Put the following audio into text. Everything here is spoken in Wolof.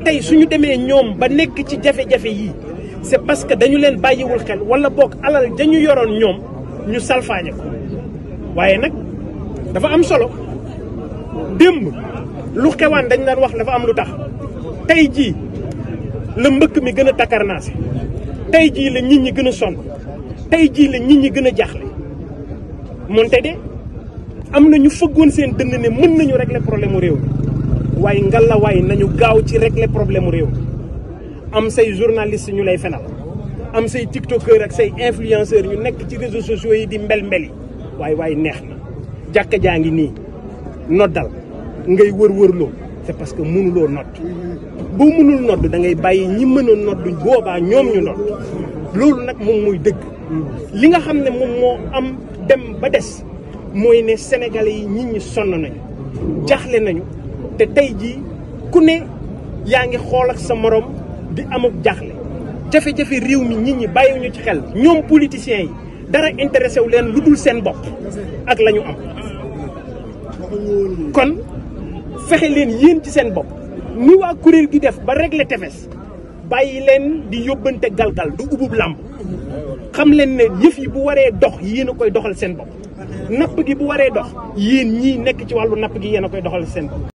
tey su ñu demee ñoom ba nekk ci jafe-jafe yii c'est parce que dañu leen bàyyiwul xel wala boog alal dañu yoroon ñoom ñu salfaañe ko waaye nag dafa am solo démb lu xewaan dañ daan wax dafa am lu tax tey jii la mbëkk mi gën a takkarnaase tey jii la nit ñi gën a sonn tey jii la nit ñi gën a jaaxle moonte de am na ñu fëggoon seen dënd ne mën nañu régler problème mu réew mi waaye ngalla waaye nañu gaaw ci régler problème réew am say journaliste ñu lay fenal am say tiktokeur ak say influenceur ñu nekk ci réseaux sociaux yi di mbel-mbeli waaye waaye neex na jàkka jaa ngi nii noddal ngay wër-wërloo c'est parce que mënuloo nodd boo mënul nodd da ngay bàyyi ñi mën nodd boobaa ñoom ñu nodd loolu nag moom mooy dëgg li nga xam ne moom moo am dem ba des mooy ne sénégalais yi nit ñi sonn nañu jaxle nañu te tey jii ku ne yaa ngi xool ak sa morom di am ak jaaxle jafe-jafe réew mi nit ñi bàyyiwuñu ci xel ñoom politiciens yi dara intéressé wu leen lu dul seen bopp ak la ñu am. kon fexe leen yéen ci seen bopp ni waa kuréel gi def ba régler tefes bàyyi leen di yóbbante galgal du ubub làmp xam leen ne yëf yi bu waree dox yéen a koy doxal seen bopp napp gi bu waree dox yen ñii nekk ci wàllu napp gi yéen a koy doxal seen bopp.